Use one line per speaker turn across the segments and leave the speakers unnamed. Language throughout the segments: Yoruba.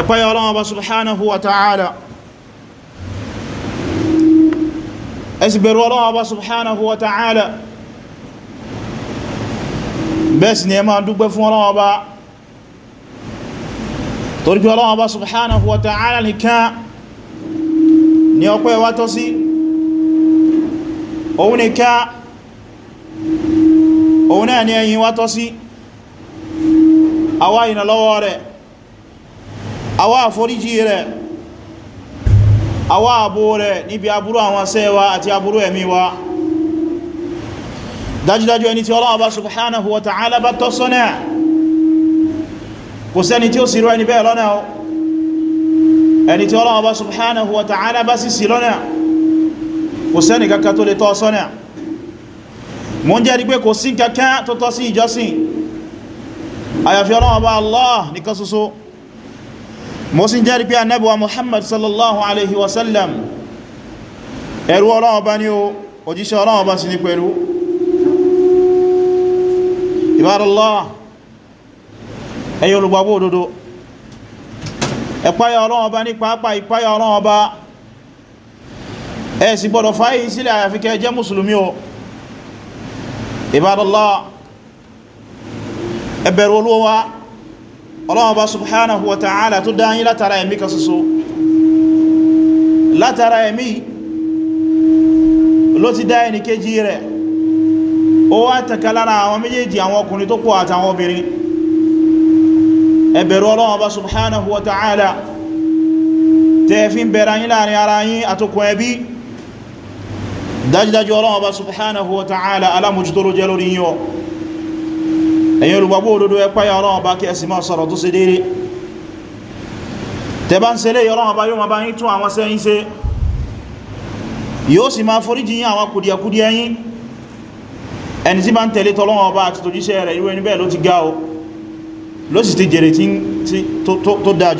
ẹ̀páyà ọlọ́wọ́ bá subhanahu wa ta'ala ẹ̀sì bẹ̀rù ọlọ́wọ́ bá subhanahu wa ta'ala bẹ́ẹ̀sì ni ẹ máa dúgbẹ́ fún ọlọ́wọ́ bá torí pé ọlọ́wọ́ bá subhanahu wa ta'ala nìkan ni ọpẹ́ wa tọ́ sí òun nìkan òun náà ni ẹ̀yìn wa tọ́ sí àwa lọ́wọ́ rẹ̀ àwa àforíjì rẹ̀ àwa àbò rẹ̀ níbi aburú àwọn sẹ́wa àti aburú ẹ̀mí wa dájúdájú ẹni tí Ọlọ́run bá subhanahu wa ta'ala bá tọ́ sọ́nà kò sẹ́ni tí ó sì rọ ẹni bẹ́ẹ̀ lọ́nà ẹni tí Ọlọ́run bá subhanahu wa ta'ala bá sì sí lọ́nà kò sẹ́ni kankan tó lè tọ́ sọ́nà mo ń jẹ́rìí pé kò sí kankan tó tọ́ sí ìjọsìn àyàfi Ọlọ́run bá Allah nìkan ṣoṣo mo sì jẹ́rìí pé ànábì wa muhammad sallallahu alaihi wasallam ẹ̀rú Ọlọ́run ọba ní o òjíṣẹ́ Ọlọ́run ọba sì ní pẹ̀lú ìbáraláà ẹ̀yin olùgbàgbọ́ òdodo ẹ̀páyà Ọlọ́run ọba ní pàápàá ìpáyà Ọlọ́run ọba ẹ ọlọ́wọ́ bá subhanahu wa ta'ala tó dáyí látara ẹ̀mí kan ṣoṣo látara ẹ̀mí ló ti dá ẹni kéjì rẹ̀ ó wá tẹ̀kẹ́ lára àwọn méjèèjì àwọn ọkùnrin tó pọ̀ àtàwọn obìnrin ẹ bẹ̀rù Ọlọ́run Ọba subhanahu wa ta'ala tẹ́ẹ̀fin bẹ̀rẹ̀ yín láàrin ara yín àtòkùn ẹbí dájúdájú Ọlọ́run Ọba subhanahu wa ta'ala alámójútóró jẹ́ lórí yíò ẹ̀yin olùgbàgbọ́ òdodo ẹ páyà Ọlọ́run ọba kí ẹ sì máa sọ̀rọ̀ tó ṣe déédé tẹ́ bá ń ṣe léyìn Ọlọ́run ọba yóò máa bá yín tún àwọn sẹ́yìn ṣe yóò sì máa foríjì yín àwọn kùdìẹ̀kùdìẹ̀ yín ẹni tí bá ń tẹ̀lé tọ́lọ́run ọba àti tòjíṣẹ́ rẹ̀ irú ẹni tó dáa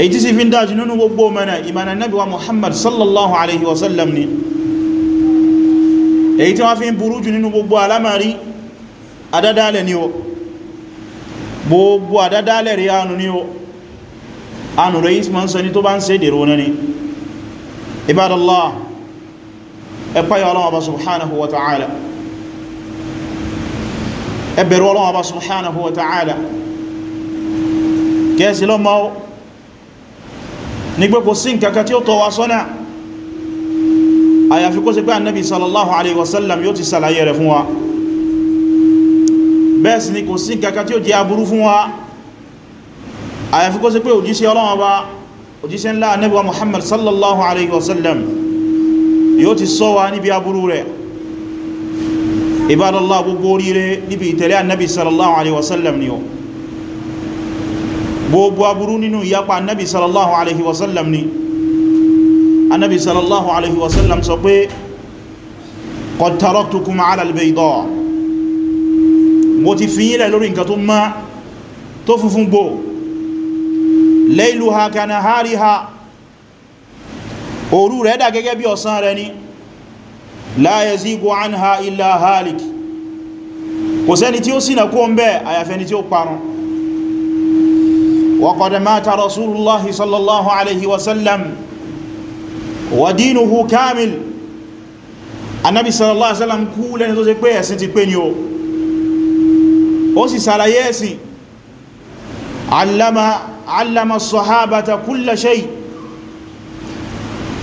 èyí tí sì fi ń dájú nínú gbogbo mẹ́nà ìmọ̀nà nábì wa Muhammad sallallahu alaihi wasallam ni èyí tí wọ́n fi ń burú jù nínú gbogbo alámàrí adádálẹ̀ ni o gbogbo àdádálẹ̀ rí anu ní o anu rẹ̀ isman sọ ní tó bá ń ṣe dèrò náà ni ibadallah ẹ̀páyà ọlọ́wọ́ ọlọ́wọ́ ní pé kò sí nǹkankan tí ó tọ́ wa sọ́nà àyàfi kó ṣe pé annabi sallallahu alaihi wasallam yóò ti sàlàyé rẹ̀ fún wa bẹ́ẹ̀ sì ni kò sí nǹkankan tí ó jẹ́ aburú fún wa àyàfi kó ṣe pé òjíṣẹ́ Ọlọ́run Ọba òjíṣẹ́ ńlá annabi wa muhammad sallallahu alaihi wasallam yóò ti ṣọ́ wa níbi aburú rẹ̀ ibadallah gbogbo oríire níbi ìtẹ̀lé annabi sallallahu alaihi wasallam ni o gbogbo aburú nínú ìyapa annabi sallallahu alaihi wasallam ni annabi sallallahu alaihi wasallam sọ pé qad taraktukum ala albayda mo ti fi yílẹ̀ lórí nǹkan tó má tó funfun gbò layluha kanahariha òru rẹ̀ dà gẹ́gẹ́ bí ọ̀sán rẹ̀ ni la yazigu anha illa halik kò sẹ́ni tí ó ṣìnà kó ń bẹ́ àyàfẹ́ni tí ó parun وقد مات رسول الله صلى الله عليه وسلم ودينه كامل النبي صلى الله عليه وسلم kú lẹ́ni tó ṣe pé ẹ̀sìn ti pé ni o ó sì sàlàyé ẹ̀sìn allama allama sọ̀hábata kulla shay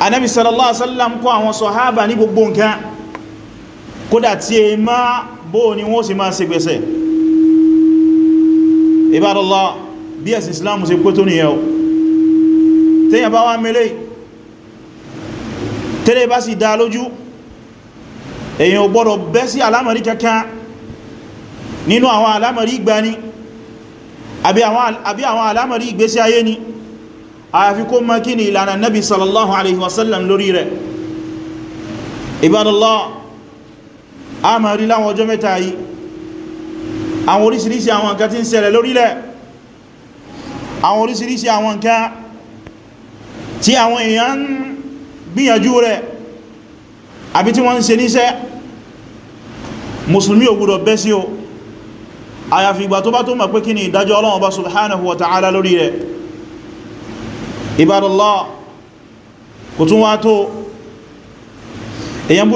النبي صلى الله عليه وسلم kọ́ àwọn sọ̀hábà ní gbogbo nǹkan kódà tí e máa bóò ni wọ́n sì máa ṣe gbẹ̀sẹ̀ ibadallah bí ẹ̀sìn Islam ṣe pé tó nìyẹn o tẹ́yàn bá wá mẹ́lẹ̀ tẹ́lẹ̀ bá sì dá lójú èyàn ò gbọ́dọ̀ bẹ́ sí alámọ̀rí kankan nínú àwọn alámọ̀rí ìgbani àbí àwọn alámọ̀rí ìgbésí ayé ni àyàfi kó mọ́ kí ni ìlànà nabi sallallahu alaihi wasallam lórí rẹ̀ ibadallah a máa rí láwọn ọjọ́ mẹ́ta yìí àwọn oríṣiríṣi àwọn nǹkan tí ń ṣẹlẹ̀ lórílẹ̀ àwọn orísìírísìí àwọn nǹkan tí àwọn èèyàn ń gbìyànjú rẹ̀ àbí tí wọ́n ń ṣe níṣẹ́ musulmi ò gbọdọ̀ bẹ́ sí o àyàfi ìgbà tó bá tó mọ̀ pé kí ni ìdájọ́ Ọlọ́run bá subhanahu wa ta'ala lórí rẹ̀ ibadallah kò tún wá tó èyàn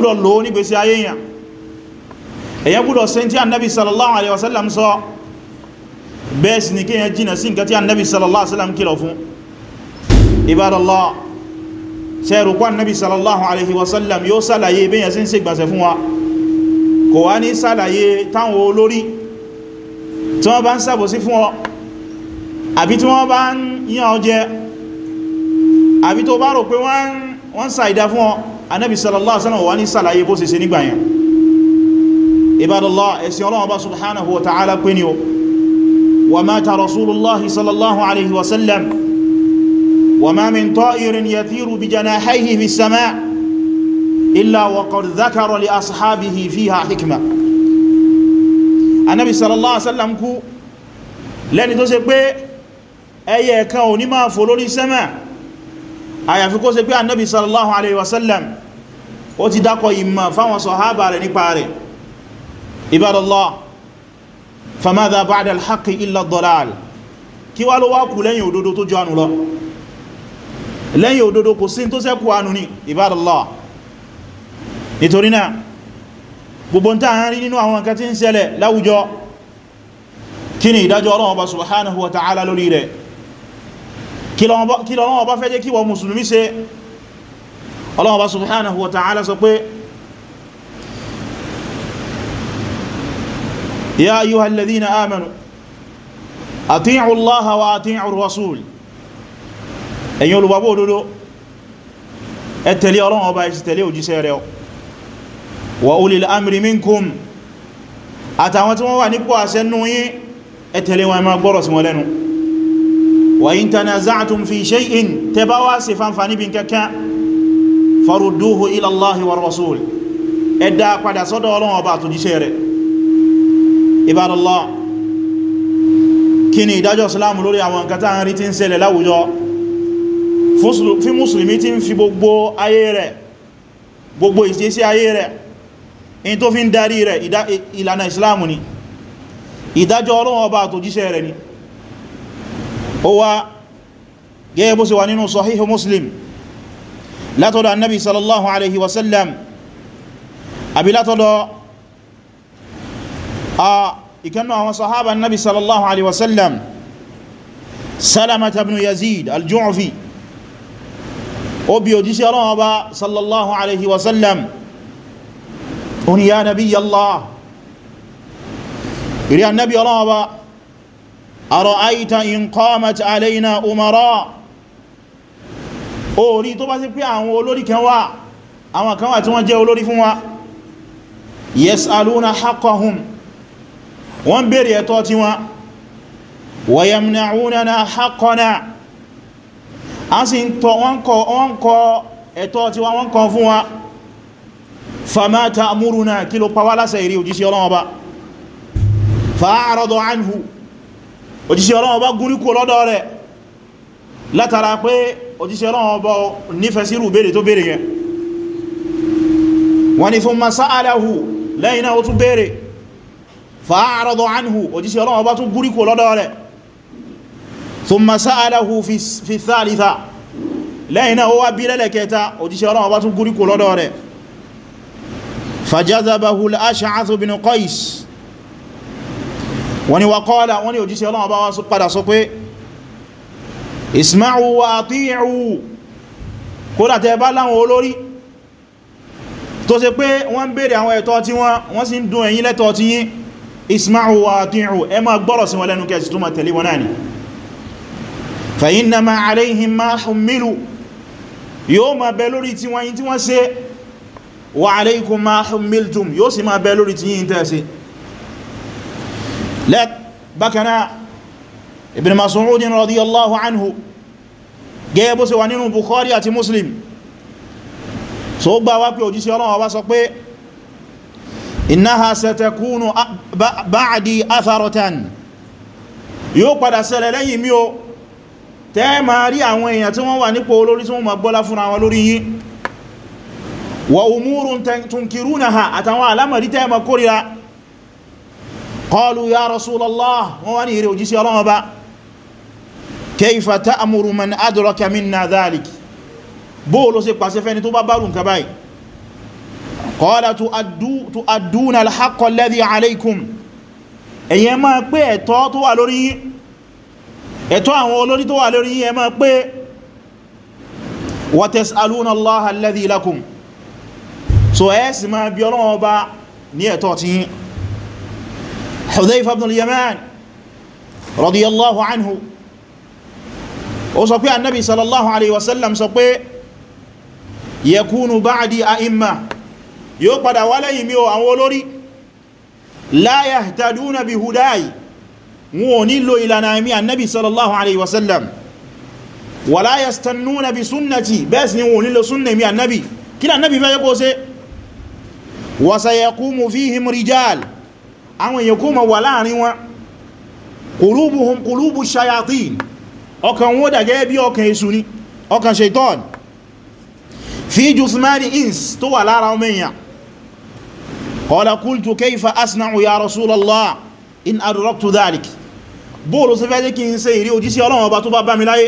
sallallahu alaihi wasallam sọ bẹ́ẹ̀ sì ni kíyàn jìnà sí nǹkan tí annabi sallallahu alaihi wasallam kìlọ̀ fún ibadallah sẹ́rù kwan nabi sallallahu alaihi wasallam yóò sàlàyé bí yẹn sí ń ṣe gbàṣẹ fún wa kò wá ní sàlàyé táwọn olórí tí wọ́n bá ń sàbò sí fún ọ àbí tí wọ́n bá ń yàn ọ jẹ àbí tó bá rò pé wọ́n sàìdá fún ọ annabi sallallahu alaihi wasallam wà ní sàlàyé bó ومات رسول الله صلى الله عليه وسلم وما من طائر يثير بجناحيه في السماء إلا وقد ذكر لأصحابه فيها حكمة النبي صلى الله عليه وسلم kú lẹ́ni tó ṣe pé ẹyẹ kan ò ní máa fò lórí sẹ́mà àyàfi kó ṣe pé annabi sallallahu alaihi wasallam ó ti dákọ̀ ìmọ̀ fáwọn sọ̀hábà rẹ̀ nípa rẹ̀ ibadallah famadha ba'da al-haqqi illa ad-dalal kí wá ló wá kù lẹ́yìn òdodo tó jọ ànú lọ lẹ́yìn òdodo kò sí tó sẹ́kù ànú ní ibadallah nítorí náà gbogbo ta ń rí nínú àwọn nǹkan tí ń ṣẹlẹ̀ láwùjọ kí ni ìdájọ́ Ọlọ́run Ọba subhanahu wa ta'ala lórí rẹ̀ kí l'Ọlọ́run Ọba fẹ́ jẹ́ kí wọ mùsùlùmí ṣe Ọlọ́run Ọba subhanahu wa ta'ala sọ pé يا أيها الذين آمنوا أطيعوا الله وأطيعوا الرسول ẹ̀yin olùgbàgbọ́ òdodo ẹ tẹ̀lé Ọlọ́run ọba ẹ sì tẹ̀lé òjíṣẹ́ rẹ̀ wa ulil amri minkum àtàwọn tí wọ́n wà nípò àṣẹ nú yín ẹ tẹ̀lé wọn ẹ máa gbọ́rọ̀ sí wọn lẹ́nu wa in tanaza'tum fi shay'in tẹ́ bá wá sí fanfà níbi kẹ́kẹ́ farudduhu ila Allahi wa rasul ẹ dá padà sọ́dọ̀ Ọlọ́run ọba àtòjíṣẹ́ rẹ̀ Ibadallah kí ni ìdájọ́ Islam lórí àwọn nǹkan tàà ń rí tí ń ṣẹlẹ̀ láwùjọ fún mùsùlùmí tí ń fi gbogbo ayé rẹ̀ gbogbo ìṣẹ́sí ayé rẹ̀ in tó fi ń darí rẹ̀ ìlànà Islam ni ìdájọ́ Ọlọ́run Ọba àtòjíṣẹ́ rẹ̀ ni ó wá gẹ́gẹ́ bó ṣe wà nínú sahihu Muslim látọ̀dọ̀ annabi sallallahu alaihi wasallam àbí látọ̀dọ̀ a ìkannú àwọn sahaba nabi sallallahu alaihi wasallam salamata ibn yazid al-ju'fi ó bi òjíṣẹ́ Ọlọ́run Ọba sallallahu alaihi wasallam ó ní ya nabi allah ìrí annabi Ọlọ́run Ọba ara'aita in qamat alaina umara ó rí tó bá sí pé àwọn olórí kan wà àwọn kan wà tí wọ́n jẹ́ olórí fún wa yas'aluna haqqahum wọ́n bèèrè ẹ̀tọ́ tí wọ́n wayamna'unana haqqana a sì ń tọ́ wọ́n kọ ẹ̀tọ́ tí wọ́n kọ fún wa fama ta'muruna kí ló pa wá láṣẹ ìrí òjíṣẹ́ Ọlọ́run ba fa'arada anhu gúrí kò lọ́dọ̀ rẹ̀ látara pé òjíṣẹ́ Ọlọ́run ba sírù bèèrè tó bèèrè yẹn wọ́n ni thumma sa'alahu lẹ́yìn náà ó tún bèèrè fa'aradu anhu òjíṣẹ́ Ọlọ́run bá tún gúríkò lọ́dọ̀ rẹ̀ thumma sa'alahu fi thalitha lẹ́yìn náà ó wá bí lẹ́lẹ̀kẹta òjíṣẹ́ Ọlọ́run bá tún gúríkò lọ́dọ̀ rẹ̀ fajazabahu al-Ash'ath bin Qais wani wa qala wani òjíṣẹ́ Ọlọ́run bá wá sọ padà sọ pé isma'u wa ati'u kódà tó ṣe pé wọ́n béèrè àwọn ẹ̀tọ́ tí wọ́n sì ń dún ẹ̀yìn lẹ́tọ̀ọ́ tí yín isma'u wa ati'u ẹ máa gbọ́rọ̀ sí wọn lẹ́nu kẹ́ sì tún máa tẹ̀lé wọn náà ni fa innama alayhim ma hummilu yóò máa bẹ lórí tí wọ́n yí tí wọ́n ṣe wa alaykum ma hummiltum yóò sì máa bẹ lórí tí yí tẹ́ ṣe lẹ́t ibn Mas'ud radiyallahu anhu gẹ́gẹ́ wà nínú Bukhari àti Muslim so gbá wá pé òjíṣẹ́ Ọlọ́run wá sọ pé innaha satakunu ba'di atharatan yóò padà ṣẹlẹ̀ lẹ́yìn mi o tẹ́ ma rí àwọn èèyàn tí wọ́n wà nípò olórí tí wọ́n ma gbọ́lá fún àwọn lórí yín wa umurun tunkirunaha àtàwọn alamari tẹ́ ma kórira qalu ya rasulallah wọ́n wá ní qala tu'adduna al-haqqa alladhi alaykum ẹ̀yin máa pé ẹ̀tọ́ tó wà lórí yín ẹ̀tọ́ àwọn olórí tó wà lórí yín ẹ máa pé wa tas'aluna Allaha alladhi lakum so ẹ sì máa bi Ọlọ́run Ọba ní ẹ̀tọ́ ti yín ba'di a'imma yóò padà wá lẹ́yìn mi o àwọn olórí la yahtaduna bi hudayi wọn ò nílò ìlànà mi annabi sallallahu alaihi wasallam wala yastannuna bi sunnati bẹ́ẹ̀ sì ni wọn ò nílò sunna mi annabi kí ni annabi fẹ́ yẹ kó ṣe wa sayaqumu fihim rijal àwọn èèyàn kó ma wà láàrin wọn qulubuhum qulubu shayatin ọkàn wọ́n dàgẹ́ bí ọkàn èṣù ni ọkàn shaitan fi jusmani ins tó wà lára ọmọ èèyàn qala qultu kayfa asna'u ya rasulallah in adraktu dhalik bóòlù sí fẹ́ jẹ́ kí n ṣe ìrí òjíṣẹ́ Ọlọ́run ọba tó bá bá mi láyé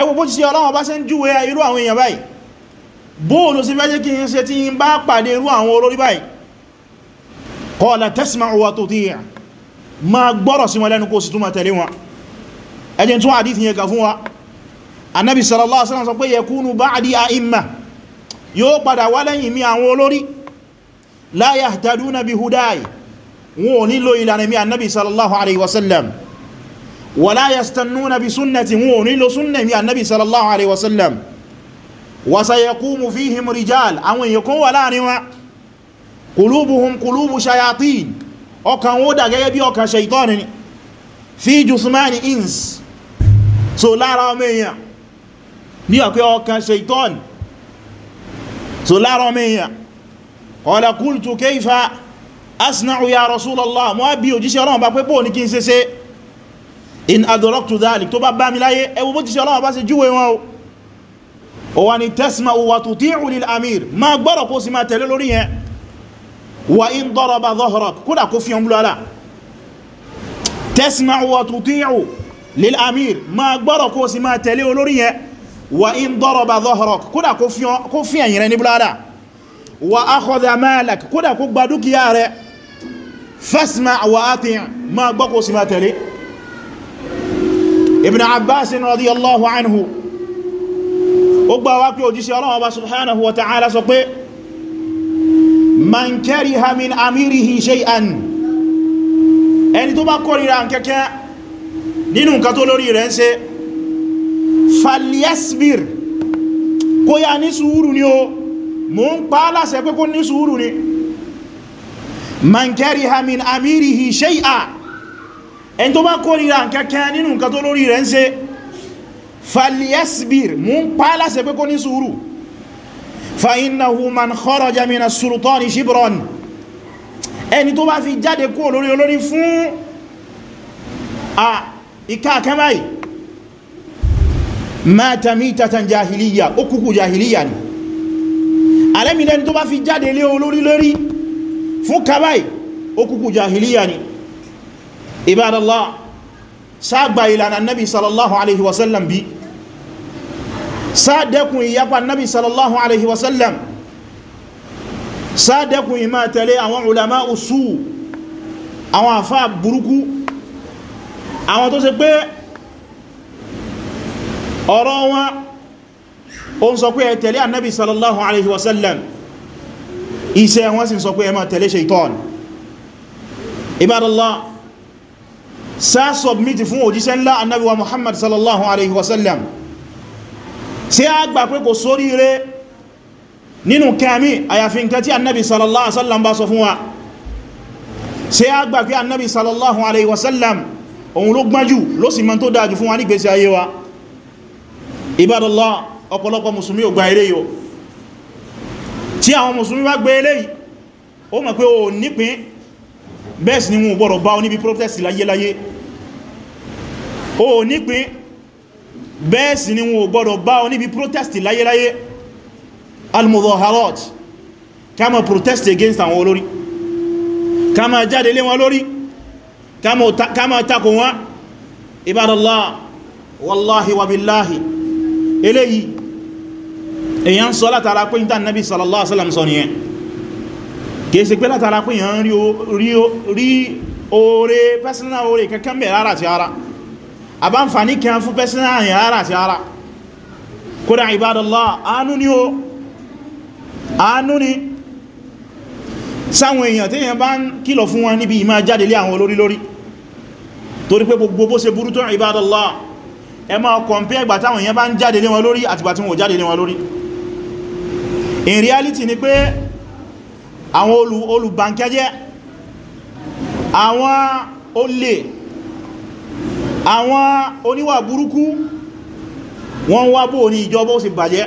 ẹwọ bó jíṣẹ́ Ọlọ́run ọba ṣe ń júwe irú àwọn èèyàn báyìí bóòlù sí fẹ́ jẹ́ kí n ṣe tí n bá pàdé irú àwọn olórí báyìí qala tasma'u wa tuti' yóò padà wá lẹ́yìn mi àwọn olórí la yahtaduna bi hudai wọn ò nílò ìlànà mi annabi sallallahu alaihi wasallam wala yastannuna bi sunnati wọn ò nílò sunna mi annabi sallallahu alaihi wasallam wa sayaqumu fihim rijal àwọn èèyàn kan wà láàrin wa qulubuhum qulubu shayatin ọkàn wó dà gẹ́gẹ́ bí ọkàn shaitan fi jusmani ins so lára ọmọ èèyàn bí ọkàn shaitan so láàrọ mẹ́yàn qala qultu kayfa asna'u ya rasulallah mọ́ bí òjíṣẹ́ ọlọ́run bá pé bóò ní kí n ṣe ṣe in adraktu dhalik tó bá bá mi láyé ẹwọ bó jíṣẹ́ ọlọ́run bá ṣe júwe wọn o wà ní tasma'u wa tuti'u lil amir ma gbọ́rọ̀ wa in daraba dhahrak kódà kó fi ẹ̀yìn rẹ̀ ní búládà wa akhadha malak kódà kó gba dúkìá rẹ̀ fasma wa ati' ma gbọ́ kó sì ma tẹ̀lé ibn abbas radiyallahu anhu ó gbà wá pé òjíṣẹ́ ọlọ́wọ́ falyasbir kó yá ní sùúrù ni o mò ń pa á láṣẹ pé kó ní sùúrù ni man kariha min amirihi shay'a ẹni tó bá kórìíra kẹ́kẹ́ nínú nǹkan tó lórí rẹ̀ ń ṣe falyasbir mò ń pa á láṣẹ pé kó ní fa innahu man kharaja min as-sultani ẹni tó bá fi jáde kúrò lórí olórí fún a ìka báyìí mata mitatan jahiliya ó kúkú jahiliya ni alẹ́mìlẹ́ni tó bá fi jáde lé olórí lórí fún kàbáì ó kúkú jahiliya ni ibadallah sáàgbà ìlànà nabi sallallahu alaihi wasallam bí sáàdẹ́kùn ìyapa nabi sallallahu alaihi wasallam sáàdẹ́kùn ìmá tẹ̀lé àwọn ulama usu àwọn àfáà burúkú àwọn tó ṣe pé ọ̀rọ̀ wọn ó ń sọ pé ẹ tẹ̀lé annabi sallallahu alaihi wasallam iṣẹ́ wọn sì sọ pé ẹ máa tẹ̀lé shaitan ibadallah sá submit fún òjíṣẹ́ ńlá annabi wa muhammad sallallahu alaihi wasallam sí a gbà pé kò sórí rẹ̀ nínú kẹmí àyàfi nǹkan tí annabi sallallahu alaihi wasallam bá sọ fún wa sí a gbà pé annabi sallallahu alaihi wasallam òun ló gbájú ló sì mọ́ tó dájú fún wa nígbésí ayé wa Ibadallah ọ̀pọ̀lọpọ̀ musulmi ò gba eré yọ tí àwọn musulmi bá gbé eléyìí ó mọ̀ pé o nípin bẹ́ẹ̀ sì ni wọn gbọ́dọ̀ bá oníbi protest láyéláyé o nípin bẹ́ẹ̀ sì ni wọn gbọ́dọ̀ bá oníbi protest láyéláyé al-mudaharat ká má protest against àwọn olórí ká jáde lé wọn lórí ká takò wọn Ibadallah wallahi wa billahi eléyìí èyàn sọ látara pé ìta nabi sallallahu alaihi wasallam sọ nìyẹn kìí ṣe pé látara pé èyàn rí oore personal oore kankan bẹ̀ rárá ti ara àbáǹfàní kan fún personal yẹn rárá ti ara kódà ibadallah àánú ni o àánú ni sáwọn èèyàn tí èèyàn bá ń kìlọ̀ fún wọn níbi ìmá jáde lé àwọn ẹ máa compare ìgbà táwọn èèyàn bá ń jáde lé wọn lórí àti ìgbà tí wọ́n jáde lé wọn lórí in reality ni pé àwọn olùbànkẹ́jẹ́ àwọn olè àwọn oníwà burúkú wọ́n wá bóò ní ìjọba ó sì bàjẹ́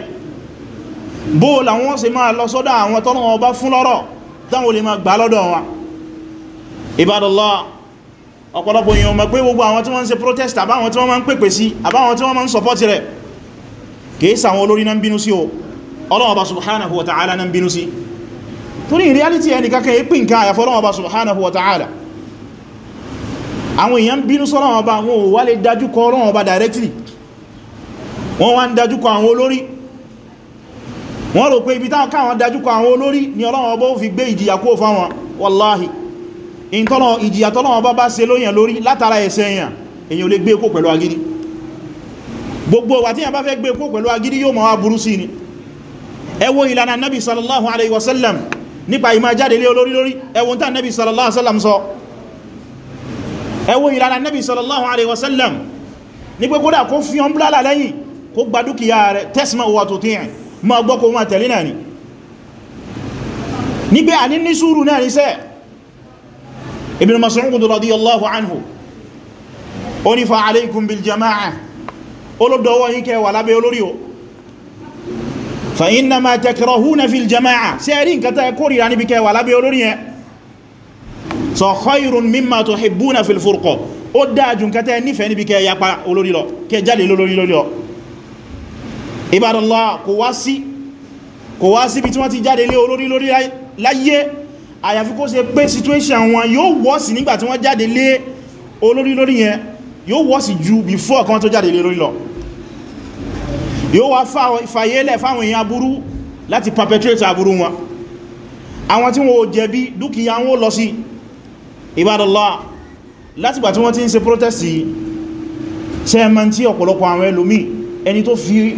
bóò làwọn sì máa lọ sọ́dọ̀ àwọn tọ́nà ọba fún lọ́rọ̀ táwọn olè máa gbà lọ́dọ̀ wọn ibadallah ọ̀pọ̀lọpọ̀ èèyàn mọ̀ pé gbogbo àwọn tí wọ́n ń ṣe protest àbáwọn tí wọ́n máa ń pèpè sí àbáwọn tí wọ́n máa ń support rẹ̀ kìí sàwọn olórí náà bínú sí o Ọlọ́run Ọba subhanahu wa ta'ala náà bínú sí torí in reality ẹni kankan yí pín káà yàfọ́ Ọlọ́run Ọba subhanahu wa ta'ala àwọn èèyàn bínú sí Ọlọ́run Ọba wọn ò wá lè dájúkọ Ọlọ́run Ọba directly wọ́n wá ni Ọlọ́run Ọba ó fi wallahi ìtọ́nà ìjìyà tọ́nà ọba bá ṣe lóyìn lórí látara ẹ̀ṣẹ̀ èyàn èyàn lè gbé kó pẹ̀lú agídí gbogbo wà tí yàn bá fẹ́ gbé kó pẹ̀lú agídí yóò máa burú sí ni ẹ wo ìlànà nabi sallallahu alaihi wasallam nípa ìmá jáde lé olórí lórí ẹ wo tán nabi sallallahu alaihi wasallam sọ ẹ wo ìlànà nabi sallallahu alaihi wasallam ní pé kódà kó fi ọ́n blálà ibn Mas'ud radiyallahu anhu ó ní fa alaykum bil jama'a olódọ́wọ́ yí kẹwà lábẹ́ olórí o fa inna ma takrahuna fil jama'a sí ẹ̀rí nǹkan tẹ́ kórìíra níbi kẹwà lábẹ́ olórí yẹn so khayrun mimma tuhibbuna fil furqa ó dájú nǹkan tẹ́ nífẹ̀ẹ́ níbi kẹ yapa olórí lọ kẹ jáde lórí lórí lọ ibadallah kò wá sí kò wá sí bí tí wọ́n ti jáde lé olórí lórí láyé àyàfi kó ṣe pé situation wọn yóò wọ́sì nígbà tí wọ́n jáde lé olórí lórí yẹn yóò wọ́sì ju before kan tó jáde lé lórí lọ yóò wá fàyẹ́lẹ̀ fáwọn èèyàn aburú láti perpetrate aburú wọn àwọn tí wọ́n ò jẹ̀bi dúkìá wọn lọ sí Ibadallah látìgbà tí wọ́n ti ń ṣe protest sẹ́ẹ̀mọ́ tí ọ̀pọ̀lọpọ̀ àwọn ẹlòmí ẹni tó fi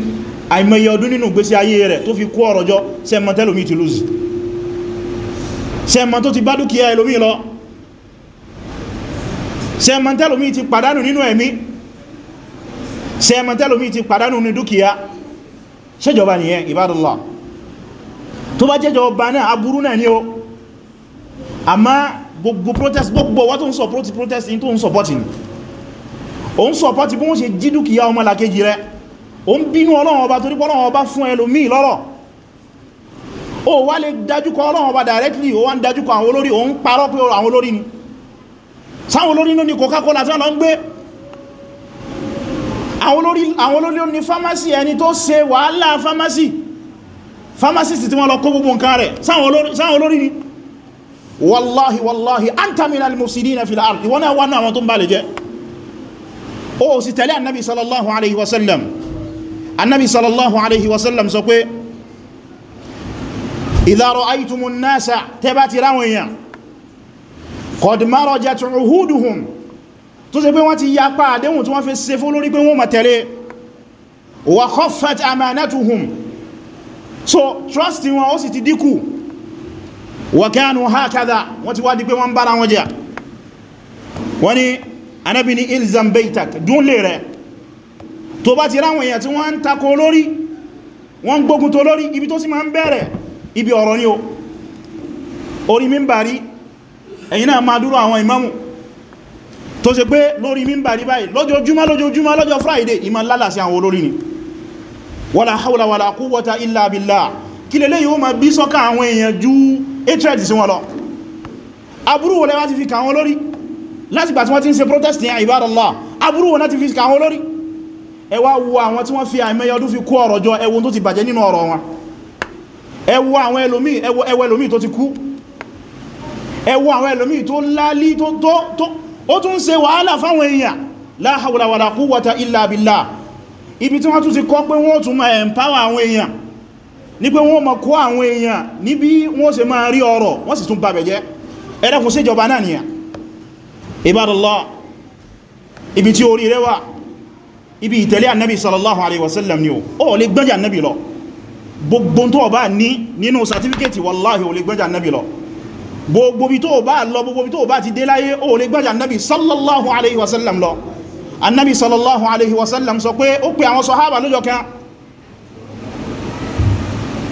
àìmọye ọdún nínú gbésí ayé rẹ̀ tó fi kó ọ̀rọ̀jọ́ sẹ́ẹ̀mọ́ tẹ́lòmí ti lose sẹ́mọ̀ tó ti bá dúkìá ẹlòmí lọ sẹ́mọ̀ tẹ́lòmí ti pàdánù nínú ẹ̀mí sẹ́mọ̀ tẹ́lòmí ti pàdánù ní dúkìá ṣẹ́jọba nìyẹn ìbádọ́lá tó bá jẹ́jọba náà aburú náà ní o àmá gbogbo protest gbogbo wọ́n tó ń sọ protest ní tó ń sọpọ́tì ní o ń sọpọ́tì bí wọ́n ṣe jí dúkìá ọmọlàkejì rẹ̀ o ń bínú ọlọ́run ọba torípọ́lọ́run ọba fún ẹlòmí lọ́rọ̀ o wá lè dájúkọ ọlọ́run ọba directly o wá ń dájúkọ àwọn olórí o ń parọ́ pé àwọn olórí ni sáwọn olórí ní Coca-Cola tí wọ́n lọ ń gbé àwọn olórí ní pharmacy ẹni tó ṣe wàhálà pharmacy pharmacist tí wọ́n lọ kó gbogbo nǹkan rẹ̀ sáwọn olórí ni wallahi wallahi anta minal mufsidina fil ard ìwọ́n náà wà náà wọn tó ń bá lè jẹ́ o sì tẹ̀lé annabi sallallahu alaihi wasallam annabi sallallahu alaihi wasallam sọ pé idha ra'aytumu an-nasa tẹ́bá ti ráwọn èèyàn qad marajat uhuduhum tó ṣe pé wọ́n ti yapa àdéhùn tí wọ́n fi ṣe fún lórí pé wọ́n máa tẹ̀lé wa khaffat amanatuhum so trust wọn ó sì ti dínkù wa kanu hakadha wọ́n ti wá di pé wọ́n bára wọn jà wọ́n ni anábi ni ilzam baitak dúnlé rẹ̀ tó bá ti ráwọn èèyàn tí wọ́n ń takò lórí wọ́n gbógun tó lórí ibi tó sì máa ń bẹ̀rẹ̀ ibi ọ̀rọ̀ ní o orí mímbàrí ẹ̀yìn náà máa dúró àwọn ìmámù tó ṣe pé lórí mímbàrí báyìí lójoojúmọ́ lójoojúmọ́ lọ́jọ́ friday ìmá lálà sí àwọn olórí ni wala hawla wala quwwata illa billah kí lè léyìn ó ma bí sọ́kà àwọn èèyàn ju hatred sí wọn lọ aburú wọlé wá ti fi kà wọn lórí láti gbà tí wọ́n ti ń ṣe protest ní ibadallah aburú wọlé ti fi kà wọn lórí wo àwọn tí wọ́n fi àìmẹ́yọdún fi kó ọ̀rọ̀ jọ ẹwọ́n tó ti bàjẹ́ nínú ọ̀rọ̀ wọn ẹ wo àwọn ẹlòmíì ẹ wo ẹlòmíì tó ti kú ẹ wo àwọn ẹlòmíì tó lálí tó tó ó tún ṣe wàhálà fáwọn èèyàn la hawla wala quwwata illa billah ibi tí wọ́n tún ti kọ́ pé wọ́n tún ma empower àwọn èèyàn ní pé wọ́n ma kó àwọn èèyàn níbi wọ́n ṣe máa rí ọrọ̀ wọ́n sì tún bàbẹ̀ jẹ́ ẹ̀rẹ́kùn sí ìjọba náà nìyà ibadallah ibi tí orí rẹ̀ wà ibi ìtẹ̀lé annabi sallallahu alaihi wasallam ni ó lè gbọ́njà annabi lọ gbogbo tó bá ní nínú certificate wallahi o lè gbẹ́jà nábi lọ gbogbo bí tó bá lọ gbogbo bí tó bá ti dé láyé o lè gbẹ́jà nábi sallallahu alaihi wasallam lọ annabi sallallahu alaihi wasallam sọ pé ó pè àwọn sọ̀hábà lọ́jọ́ kan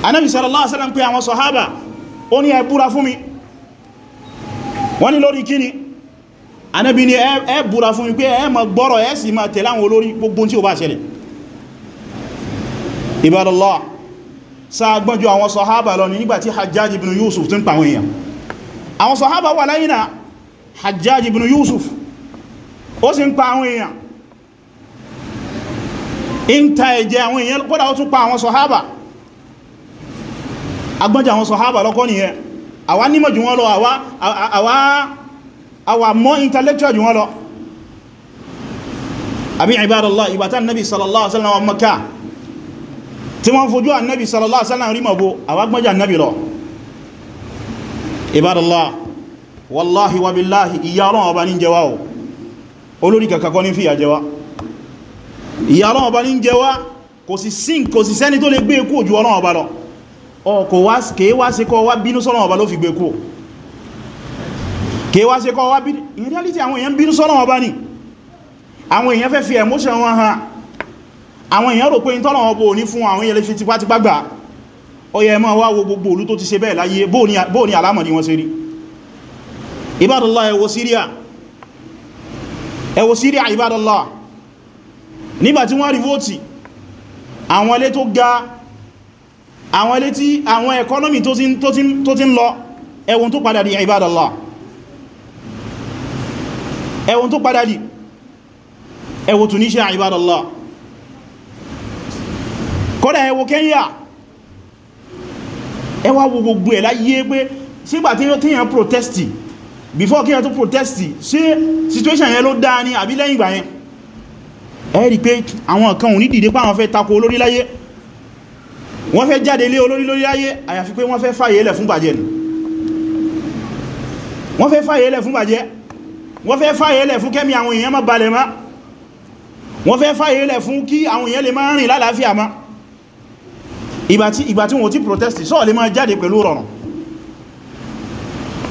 annabi sallallahu alaihi wasallam pè àwọn sọ̀hábà ó ní ẹ búra fún mi wọ́n ní lórí kíni annabi ni sàgbọ́njú àwọn sọ̀hábà lọ nígbàtí hajjáji ibn yusuf tún pàwọn èèyàn àwọn sọ̀hábà wà láyé náà hajjáji ibn yusuf ó sì ń pa àwọn èèyàn in ta ẹ̀jẹ̀ àwọn èèyàn kódà ó tún pa àwọn sọ̀hábà agbọ́njú àwọn sọ̀hábà lọ́kọ́ nìyẹn àwa nímọ̀ jù wọ́n lọ tí wọ́n fojú annabi sallallahu alaihi wasallam rí mọ̀bó àwágbọ́njẹ annabi lọ ibadallah wallahi wa billahi ìyà ọlọ́run ọba ní jẹwa o olórí kàkàkọ́ ní fìyà jẹwa ìyà ọlọ́run ọba ní jẹwa kò sí sín kò sí sẹ́ni tó lè gbé ikú e ojú ọlọ́run ọba lọ ọkọ̀ wá kèé wá sí kọ́ wá bínú sọ́lọ́run ọba ló àwọn èèyàn rò pé ní tọ́lọ̀wọ́ bó ní fún àwọn ilẹ̀ ṣe ti pàtí gbàgbà ọyẹ ẹmọ́ wá wo gbogbo olú tó ti ṣe bẹ́ẹ̀ láyé bó ní alámọ̀ ní wọ́n ṣe rí ibadallah ẹ wò Syria ẹ wò Syria ibadallah nígbàtí wọ́n rí vóòtì àwọn ilé tó ga àwọn ilé tí àwọn ẹkọ́nọ́mì tó ti ń lọ ẹwọ́n tó padà di ibadallah ẹwọ́n tó padà di ẹwọ́ Tunisia ibadallah kódà ẹ wo Kenya ẹ wá wo gbogbo ẹ̀ láyé pé sígbà tí yàn protesti before kí yàn tó protesti ṣé situation yẹn ló dáa ní àbí lẹ́yìn ìgbà yẹn ẹ rí pé àwọn kan ò ní dìde pa àwọn fẹ́ tako olórí láyé wọ́n fẹ́ jáde lé olórí lórí láyé àyàfi pé wọ́n fẹ́ fàyẹ̀lẹ̀ fún bàjẹ́ ni wọ́n fẹ́ fàyẹ̀lẹ̀ fún bàjẹ́ wọ́n fẹ́ fàyẹ̀lẹ̀ fún kẹ́mi àwọn èèyàn má balẹ̀ má wọ́n fẹ́ fàyẹ̀lẹ̀ fún kí àwọn èèyàn lè má ìgbà tí wọ́n ti protest sọ́ọ̀ lè máa jáde pẹ̀lú rọrùn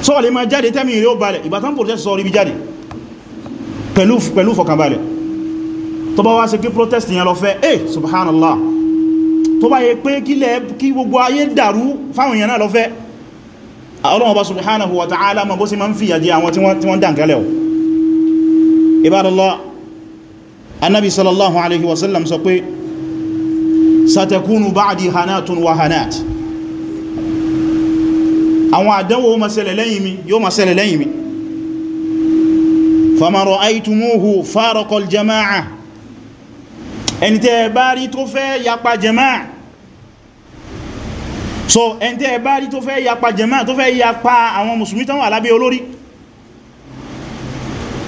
sọ́ọ̀ lè máa jáde tẹ́mì yóò balẹ̀ ìgbà tán protest sọ́ọ̀ rí bí jáde pẹ̀lú fọkànbalẹ̀ tó bá wá ṣe kí protest yẹn lọ fẹ́ eh subhanallah tó bá yẹ pé kílẹ̀ kí gbogbo ayé dàrú fáwọn èèyàn náà lọ fẹ́ subhanahu wa ta'ala ma bó sí ma ń fìyà jẹ àwọn tí wọ́n dànkálẹ̀ o ibadallah annabi sallallahu alaihi wasallam satakunu ba'di hanatun wa hanat àwọn àdánwò ma ṣẹlẹ̀ lẹ́yìn mi yóò ma ṣẹlẹ̀ lẹ́yìn mi faman ra'aytumuhu faraqal jama'a ẹni tẹ́ bá rí tó yapa jama'a so ẹni tẹ́ bá rí tó fẹ́ yapa jama'a tó fẹ́ yapa àwọn musulmi tán wà lábẹ́ olórí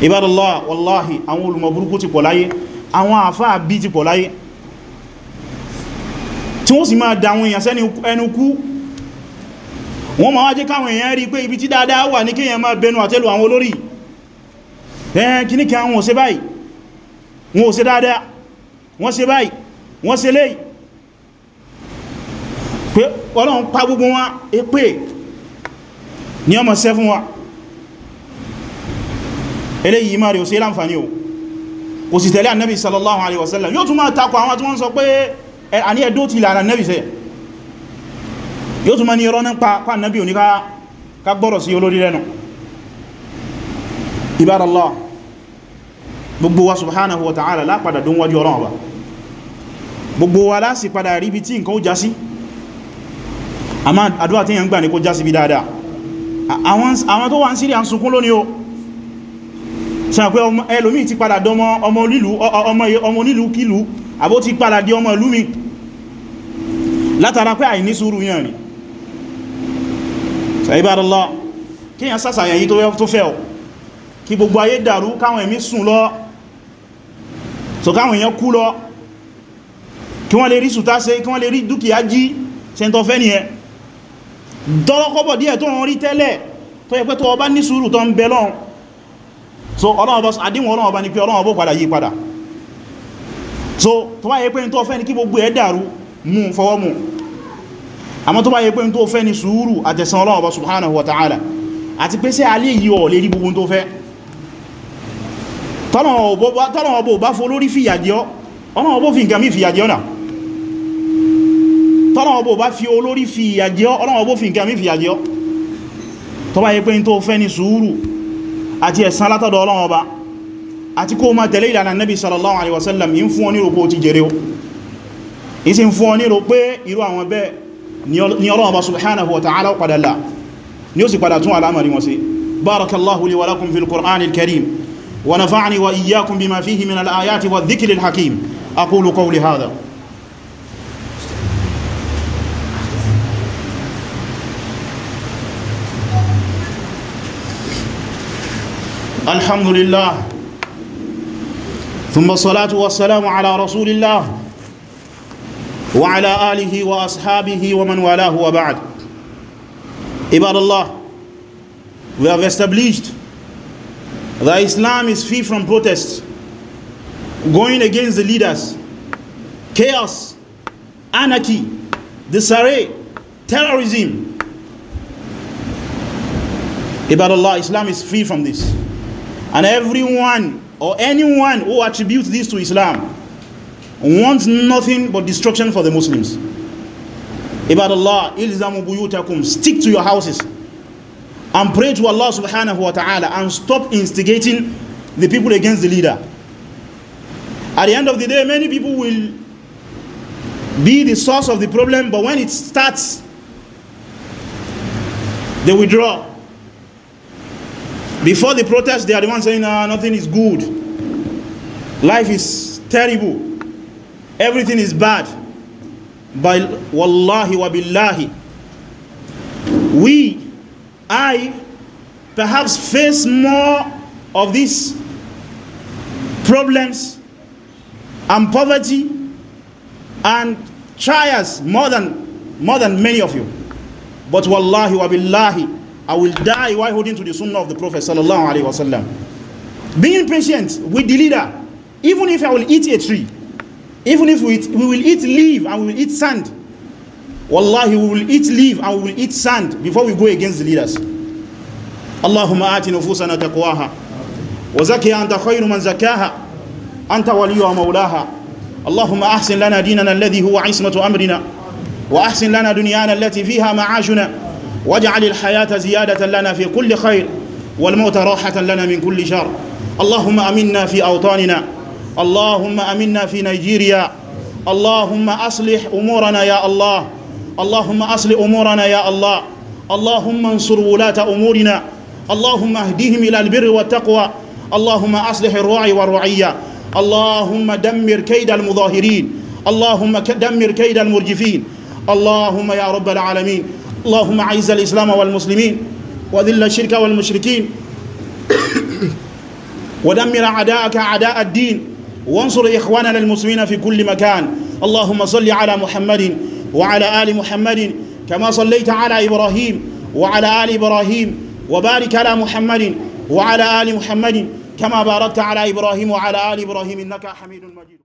ibadallah wallahi àwọn olùmọ̀ burúkú ti pọ̀ láyé àwọn àfáà ti pọ̀ tí wọ́n sì máa dáwọn èèyàn sẹ́ni ẹnukú wọ́n máa wájé káwọn èèyàn rí pé ibi tí dáadáa wà ní kíyàn máa bẹnu àtẹ́lù àwọn olórí ẹn kí ní kí àwọn òṣe báyìí wọ́n òṣe dáadáa wọ́n ṣe báyìí wọ́n ṣe léyìí pé ọlọ́run pa gbogbo wọn èpè ní ọmọ sẹ́ fún wa eléyìí máa rí òṣe láǹfààní o kò sì tẹ̀lé Ànábì sallallahu alaihi wasallam yóò tún máa takọ àwọn tí wọ́n sọ pé àní ẹ̀dó ti ìlànà nẹ́bì sẹ́ yóò tún mọ́ ní rọ́nà pa nẹ́bì òní ká gbọ́rọ̀ sí olórí lẹ́nu ibadallah gbogbo wa subhanahu wa ta'ala lápadà dún wájú ọ̀rọ̀ ọba gbogbo wa láti padà rí tí nǹkan ó jásí àmá àdúwà tí yẹn ń gbà ní kó jásí bí dáadáa àwọn tó wà ń sírí àbó ti padà di ọmọ ìlú mi látara pé àìní sùúrù yàn ni sàíbàdàlá kí yàn sàṣàyàn yí tó fẹ́ ọ kí gbogbo ayé dàrú káwọn ẹ̀mí sùn lọ so káwọn èèyàn kú lọ kí wọ́n lè rí sùtá ṣe kí wọ́n lè rí dúkìá jí ṣe tó fẹ́ nìyẹn dọ́rọ́kọ́bọ̀ díẹ̀ tó ń rí tẹ́lẹ̀ tó yẹ pé tó ọba ní sùúrù tó ń bẹ lọ́n so àdíwọ̀n ọlọ́run ọba ni pé ọlọ́run ọba padà yí padà so tó wáyé pé tó fẹ́ ní kí gbogbo ẹ̀ dàrú mú fọwọ́ mú àmọ́ tó bá yẹ pé n tó fẹ́ ni sùúrù àtẹ̀sán Ọlọ́run Ọba subhanahu wa ta'ala àti pé sí alé yìí ọ̀ lè rí gbogbo tó fẹ́ tọ́lọ̀wọ̀ bó bá fó lórí fìyàjẹ́ ọ́ ọlọ́wọ̀ bó fi nǹkan mí fìyàjẹ́ ọ́nà tọ́lọ̀wọ̀ bó bá fi olórí fìyàjẹ́ ọ́ ọlọ́wọ̀ bó fi nǹkan mí fìyàjẹ́ ọ́ tó bá yẹ pé tó fẹ́ ni sùúrù àti ẹ̀san látọ̀dọ̀ Ọlọ́run Ọba kó máa tẹ̀lé ìlànà Nabi sallallahu alaihi wasallam in fún ọ ní rò pé ó ti jèrè ó in fún ọ ní rò pé irú àwọn bẹ́ẹ̀ ni ọlọ́ọ̀bá subhanahu wa ta'ala padà láà ni ó sì padà tún alamari wọn sí barakallahu li wa lakum fil qur'anil karim wa na fa'ani wa iyyakum bima fihi min al-ayati wa zikirin hakim a qawli hadha hada alhamdulillah وعلى آله وأصحابه ومن والاه وبعد عباد الله we have established that Islam is free from protest going against the leaders chaos anarchy disarray terrorism about Allah Islam is free from this and everyone or anyone who attributes this to Islam wants nothing but destruction for the Muslims ibad Allah ilzamu buyutakum stick to your houses and pray to Allah subhanahu wa ta'ala and stop instigating the people against the leader at the end of the day many people will be the source of the problem but when it starts they withdraw before the protest they are the ones saying ah, nothing is good life is terrible everything is bad by wallahi wa billahi we I perhaps face more of these problems and poverty and trials more than more than many of you but wallahi wa billahi I will die while holding to the sunnah of the prophet sallallahu alaihi wasallam being patient with the leader even if I will eat a tree Even if we, eat, we will eat leaf and we will eat sand. Wallahi, we will eat leaf and we will eat sand before we go against the leaders. اللهم آت نفوسنا تقواها وزكها أنت خير من زكاها أنت وليها مولاها اللهم أحسن لنا ديننا الذي هو عصمة أمرنا وأحسن لنا دنيانا التي فيها معاشنا واجعل الحياة زيادة لنا في كل خير والموت راحة لنا من كل شر اللهم أمنا في أوطاننا اللهم امنا في نيجيريا اللهم اصلح امورنا يا الله اللهم اصلح امورنا يا الله اللهم انصر ولاه امورنا اللهم اهديهم الى البر والتقوى اللهم اصلح الرعي والرعيه اللهم دمر كيد المظاهرين اللهم دمر كيد المرجفين اللهم يا رب العالمين اللهم عز الإسلام والمسلمين وذل الشرك والمشركين ودمر أعداءك أعداء الدين وانصر إخواننا المسلمين في كل مكان اللهم صل على محمد وعلى آل محمد كما صليت على إبراهيم وعلى آل إبراهيم وبارك على محمد وعلى آل محمد كما باركت على إبراهيم وعلى آل إبراهيم إنك حميد مجيد